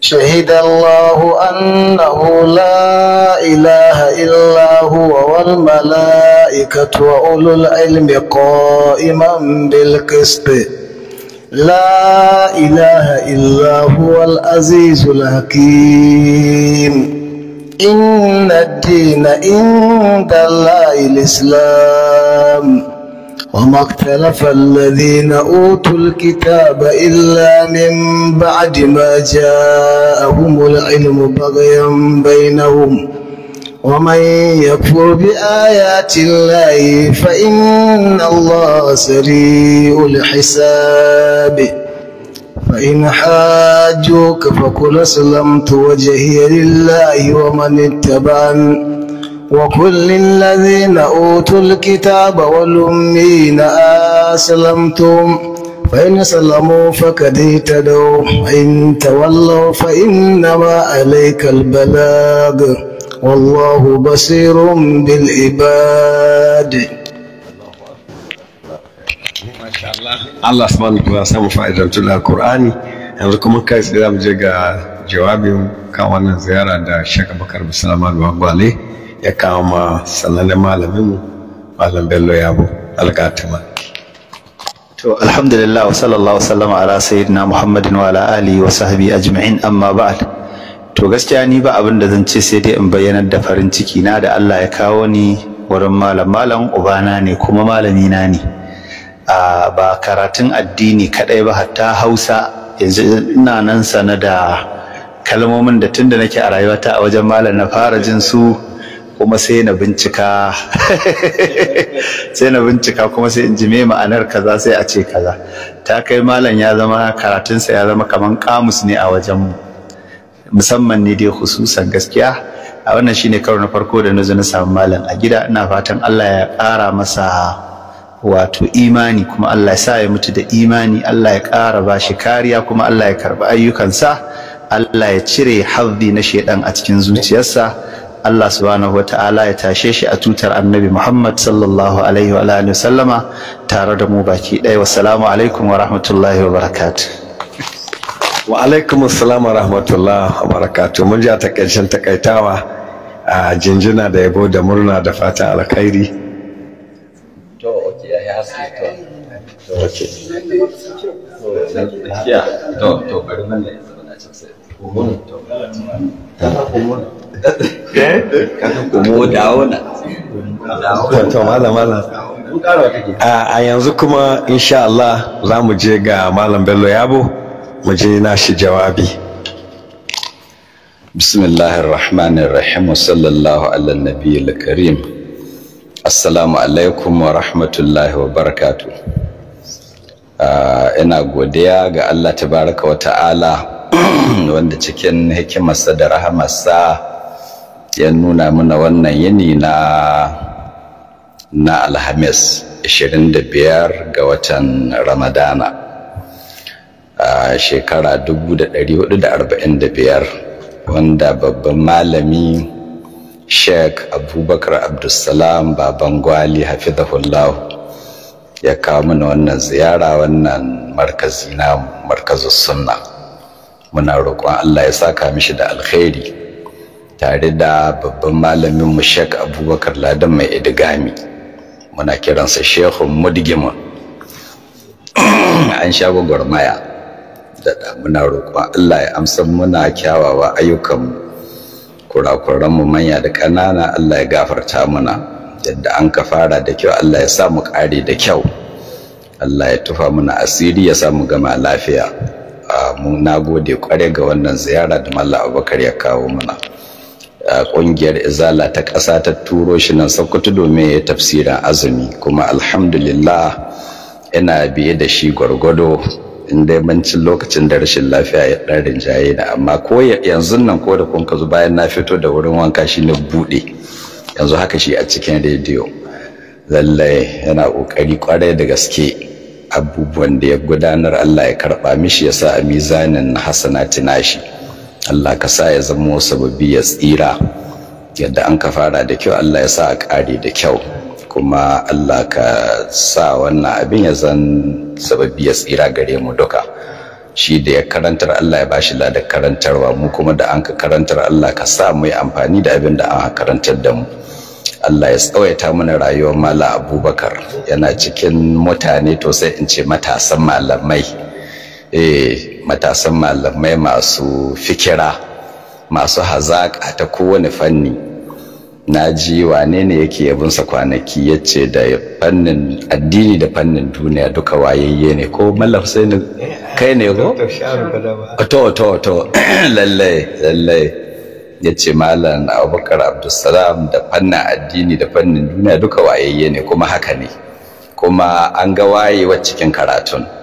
شهد الله أنه لا إله إلا هو والملائكة وأولو العلم قائما بالقسط لا إله إلا هو العزيز الحكيم إن الدين عند الله الإسلام وما اختلف الذين أوتوا الكتاب إلا من بعد ما جاءهم العلم بغيا بينهم ومن يكفر بآيات الله فإن الله سريع الحساب فإن حاجوك فقل أسلمت وجهي لله ومن اتبعني وكل للذين أوتوا الكتاب والأمين أسلمتم فإن سلموا فقد اهتدوا إن تولوا فإنما عليك البلاغ والله بصير بالعباد Allah subhanahu wa ta'ala samu fa'idantu da Qur'ani yanzu kuma kai tsaye za mu je ga jawabin kan wannan ziyara da Shaka Bakar Musulman ya kawo ma sanannen malaminmu malam bello yabo algatuma to alhamdulillah wa sallallahu sallama ala sayyidina muhammadin wa ala alihi wa sahbi ajma'in amma ba'd to gaskiya ni ba abin da zan ce sai dai in bayyana da farin ciki na da Allah ya kawo ni wurin malam malam ubana ne kuma malami na ne ba karatun addini kadai ba hatta Hausa yanzu ina nan sana da kalmomin da tunda nake a rayuwata a wajen malam na fara jin su kuma sai na bincika sai na bincika kuma sai in ji ma'anar kaza sai a ce kaza ta kai malam ya zama karatunsa ya zama kaman kamus ne a wajenmu musamman ne dai hususan gaskiya a wannan shine karo na farko da na zo na samu malam a gida ina fatan Allah ya ƙara masa wato imani kuma Allah ya sa ya mutu da imani Allah ya ƙara ba shi kariya kuma Allah ya karɓi sa. Allah ya cire hazzi na shaidan a cikin zuciyarsa Allah subhanahu ta'ala ya tashe shi a tutar annabi Muhammad sallallahu alaihi wa alihi sallama tare da mu baki ɗaya wassalamu alaikum wa rahmatullahi wa barakatuh wa alaikum assalam wa rahmatullahi wa barakatuh mun ja takaicen takaitawa a jinjina da yabo da murna da fatan alkhairi to oke ya haske to to okay to to bari mun ne to Eh? Eh? a yanzu kuma insha Allah za mu je ga malam bello yabo mu je nashi jawabi bismillahir rahmanir rahim sallallahu ala nabiyil karim assalamu alaikum wa rahmatullahi wa barakatuh ah, ina godiya ga Allah tabaraka wa ta'ala wanda cikin hikimarsa da rahamarsa ya nuna mana wannan yini na na alhamis 25 ga watan ramadana a shekara 1445 wanda babban malami sheik abubakar abdulsalam baban gwali hafizahullahu ya kawo mana wannan ziyara wannan markazi na markazin sunna muna roƙon allah ya saka mishi da alkhairi tare da babban malamin mu Sheikh Abubakar Ladan mai idigami muna kiransa Sheikhu Mudgima an sha gwagwarmaya da da, muna roƙon Allah ya amsa muna kyawawa ayyukan kurakuran mu manya da ƙanana Allah ya gafarta muna yadda an ka fara da kyau Allah ya sa mu ƙare da kyau Allah ya tufa muna asiri ya sa mu gama lafiya mu na gode kware ga wannan ziyara da malla Abubakar ya kawo mana. kungiyar izala ta ƙasa ta turo shi nan sokoto domin ya tafsirin azumi kuma alhamdulillah ina biye da shi gwargwado inda ci lokacin da rashin lafiya ya ɗan rinjaye na amma ko yanzu nan ko da kun kazu bayan na fito da wurin wanka shi na buɗe yanzu haka shi a cikin rediyo lallai yana ƙoƙari ƙwarai da gaske abubuwan da ya gudanar Allah ya karɓa mishi ya sa a mizanin hasana tinashi Allah ka sa ya zama sababi ya tsira yadda an ka fara da kyau Allah ya sa a ƙare da kyau kuma Allah ka sa wannan abin ya zan sababi ya tsira gare mu duka shi da ya karantar Allah ya bashi da karantarwa mu kuma da an ka karantar Allah ka sa mu yi amfani da abin da an karantar da mu Allah ya tsawaita mana rayuwar Mala Abubakar yana cikin mutane to sai in ce matasan malamai eh matasan malamai masu fikira masu hazaƙa ta kowane fanni na ji wane ne yake yabinsa kwanaki ya ce da fannin addini da fannin duniya duka wayayye ne ko mallam sai ne kai ne ko? to to to lallai lallai ya ce malam abubakar abdulsalam da fannin addini da fannin duniya duka wayayye ne kuma haka ne kuma an ga wayewar cikin karatun